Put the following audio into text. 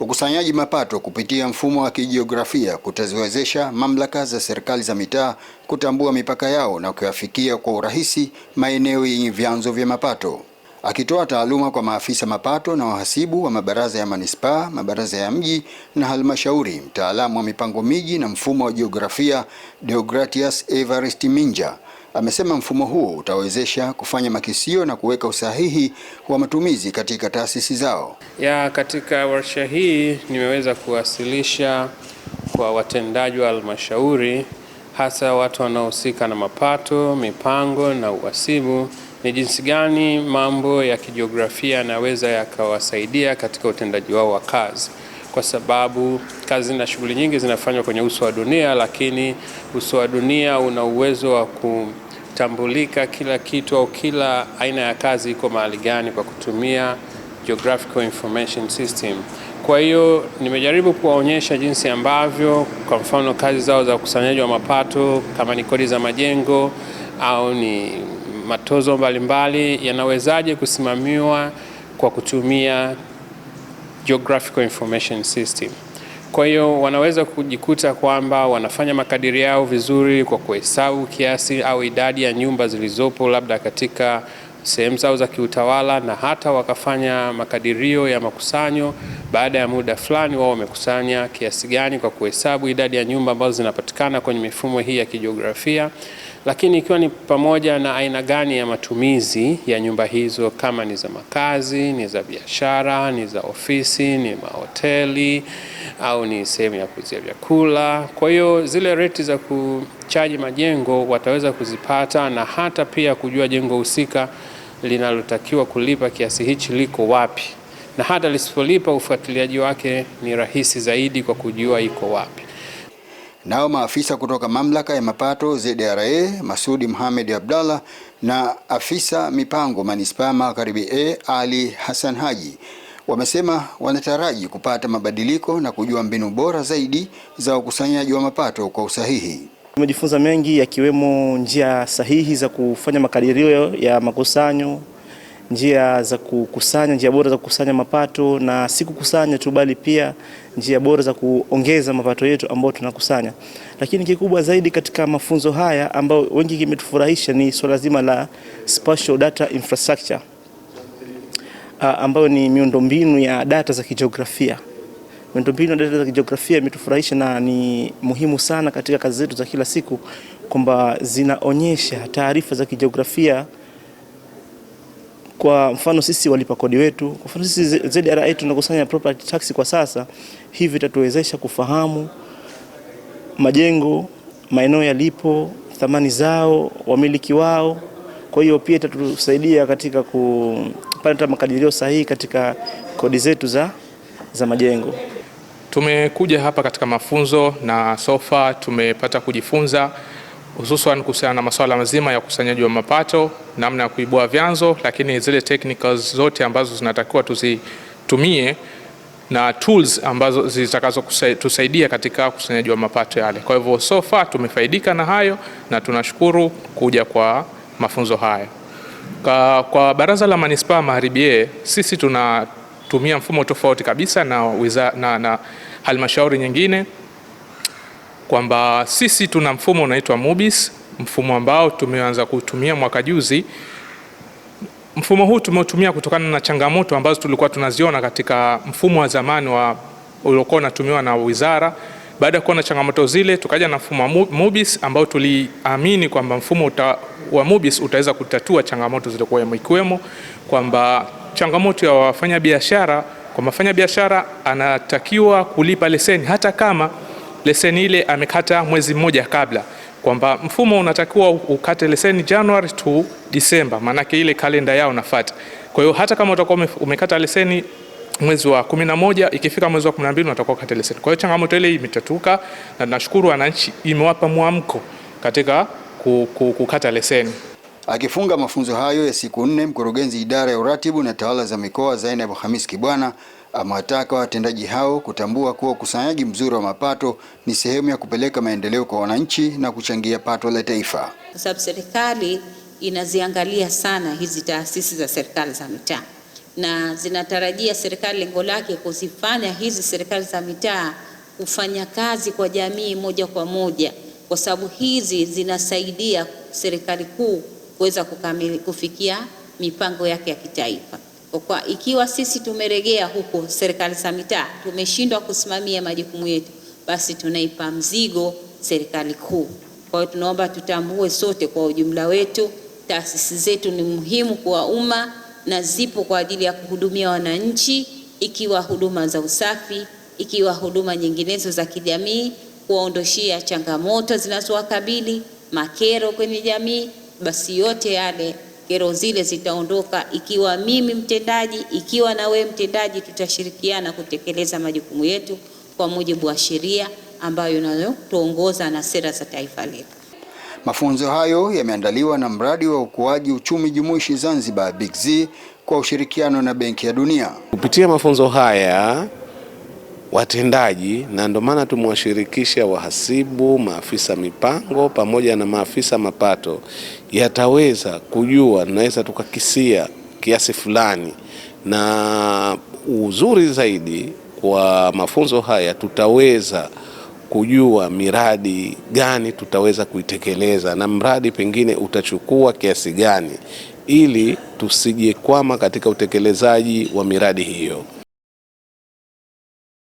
Ukusanyaji mapato kupitia mfumo wa kijiografia kutaziwezesha mamlaka za serikali za mitaa kutambua mipaka yao na kuyafikia kwa urahisi maeneo yenye vyanzo vya mapato. Akitoa taaluma kwa maafisa mapato na wahasibu wa mabaraza ya manispaa, mabaraza ya mji na halmashauri, mtaalamu wa mipango miji na mfumo wa jiografia Deogratias Evarist Minja Amesema mfumo huo utawezesha kufanya makisio na kuweka usahihi wa matumizi katika taasisi zao. Ya katika warsha hii nimeweza kuwasilisha kwa watendaji wa halmashauri, hasa watu wanaohusika na mapato, mipango na uhasibu, ni jinsi gani mambo ya kijiografia yanaweza yakawasaidia katika utendaji wao wa kazi kwa sababu kazi na shughuli nyingi zinafanywa kwenye uso wa dunia, lakini uso wa dunia una uwezo wa ku kutambulika kila kitu au kila aina ya kazi iko mahali gani kwa kutumia geographical information system. Kwa hiyo nimejaribu kuwaonyesha jinsi ambavyo, kwa mfano, kazi zao za ukusanyaji wa mapato kama ni kodi za majengo au ni matozo mbalimbali yanawezaje kusimamiwa kwa kutumia geographical information system. Kwa hiyo wanaweza kujikuta kwamba wanafanya makadiri yao vizuri kwa kuhesabu kiasi au idadi ya nyumba zilizopo labda katika sehemu zao za kiutawala na hata wakafanya makadirio ya makusanyo. Baada ya muda fulani, wao wamekusanya kiasi gani kwa kuhesabu idadi ya nyumba ambazo zinapatikana kwenye mifumo hii ya kijiografia lakini ikiwa ni pamoja na aina gani ya matumizi ya nyumba hizo, kama ni za makazi, ni za biashara, ni za ofisi, ni mahoteli au ni sehemu ya kuzia vyakula. Kwa hiyo zile reti za kuchaji majengo wataweza kuzipata na hata pia kujua jengo husika linalotakiwa kulipa kiasi hichi liko wapi, na hata lisipolipa ufuatiliaji wake ni rahisi zaidi kwa kujua iko wapi. Nao maafisa kutoka mamlaka ya mapato ZRA Masudi Mohamed Abdallah na afisa mipango manispaa Magharibi A Ali Hassan Haji wamesema wanataraji kupata mabadiliko na kujua mbinu bora zaidi za ukusanyaji wa mapato kwa usahihi. Tumejifunza mengi yakiwemo njia sahihi za kufanya makadirio ya makusanyo njia za kukusanya, njia bora za kukusanya mapato, na si kukusanya tu, bali pia njia bora za kuongeza mapato yetu ambayo tunakusanya. Lakini kikubwa zaidi katika mafunzo haya ambayo wengi kimetufurahisha ni swala zima la spatial data infrastructure ambayo ni miundombinu ya data za kijiografia. Miundombinu ya data za kijiografia imetufurahisha na ni muhimu sana katika kazi zetu za kila siku, kwamba zinaonyesha taarifa za kijiografia kwa mfano sisi walipa kodi wetu, kwa mfano sisi ZRA tunakusanya property tax kwa sasa hivi, itatuwezesha kufahamu majengo, maeneo yalipo, thamani zao, wamiliki wao. Kwa hiyo pia itatusaidia katika kupata makadirio sahihi katika kodi zetu za, za majengo. Tumekuja hapa katika mafunzo na sofa tumepata kujifunza hususan kuhusiana na masuala mazima ya ukusanyaji wa mapato, namna ya kuibua vyanzo, lakini zile technicals zote ambazo zinatakiwa tuzitumie na tools ambazo zitakazotusaidia katika ukusanyaji wa mapato yale. Kwa hivyo so far tumefaidika na hayo na tunashukuru kuja kwa mafunzo haya. Kwa, kwa Baraza la Manispaa Magharibi, sisi tunatumia mfumo tofauti kabisa na, na, na halmashauri nyingine kwamba sisi tuna mfumo unaitwa MUBIS, mfumo ambao tumeanza kutumia mwaka juzi. Mfumo huu tumeutumia kutokana na changamoto ambazo tulikuwa tunaziona katika mfumo wa zamani wa uliokuwa unatumiwa na wizara. Baada ya kuona changamoto zile, tukaja na mfumo wa MUBIS ambao tuliamini kwamba mfumo uta, wa MUBIS utaweza kutatua changamoto zilizokuwemo, ikiwemo kwamba changamoto ya wafanyabiashara, kwa mfanyabiashara anatakiwa kulipa leseni hata kama leseni ile amekata mwezi mmoja kabla, kwamba mfumo unatakiwa ukate leseni January to December, maanake ile kalenda yao nafata. Kwa hiyo hata kama utakuwa umekata leseni mwezi wa 11 ikifika mwezi wa 12 unatakiwa ukate leseni. Kwa hiyo changamoto ile imetatuka, na nashukuru wananchi, imewapa mwamko katika kukata leseni. Akifunga mafunzo hayo ya siku nne, mkurugenzi idara ya uratibu na tawala za mikoa Zainab Hamis Kibwana amewataka watendaji hao kutambua kuwa ukusanyaji mzuri wa mapato ni sehemu ya kupeleka maendeleo kwa wananchi na kuchangia pato la taifa. Kwa sababu serikali inaziangalia sana hizi taasisi za serikali za mitaa na zinatarajia serikali, lengo lake kuzifanya hizi serikali za mitaa kufanya kazi kwa jamii moja kwa moja, kwa sababu hizi zinasaidia serikali kuu kuweza kufikia mipango yake ya kitaifa. Kwa ikiwa sisi tumeregea huko, serikali za mitaa tumeshindwa kusimamia majukumu yetu, basi tunaipa mzigo serikali kuu. Kwa hiyo tunaomba tutambue sote kwa ujumla wetu, taasisi zetu ni muhimu kwa umma na zipo kwa ajili ya kuhudumia wananchi, ikiwa huduma za usafi, ikiwa huduma nyinginezo za kijamii, kuwaondoshia changamoto zinazowakabili, makero kwenye jamii, basi yote yale kero zile zitaondoka, ikiwa mimi mtendaji, ikiwa na we mtendaji, tutashirikiana kutekeleza majukumu yetu kwa mujibu wa sheria ambayo inayotuongoza na sera za taifa letu. Mafunzo hayo yameandaliwa na mradi wa ukuaji uchumi jumuishi Zanzibar Z, kwa ushirikiano na Benki ya Dunia. Kupitia mafunzo haya watendaji, na ndio maana tumewashirikisha wahasibu, maafisa mipango pamoja na maafisa mapato, yataweza kujua, naweza tukakisia kiasi fulani, na uzuri zaidi kwa mafunzo haya tutaweza kujua miradi gani tutaweza kuitekeleza na mradi pengine utachukua kiasi gani, ili tusijikwama katika utekelezaji wa miradi hiyo.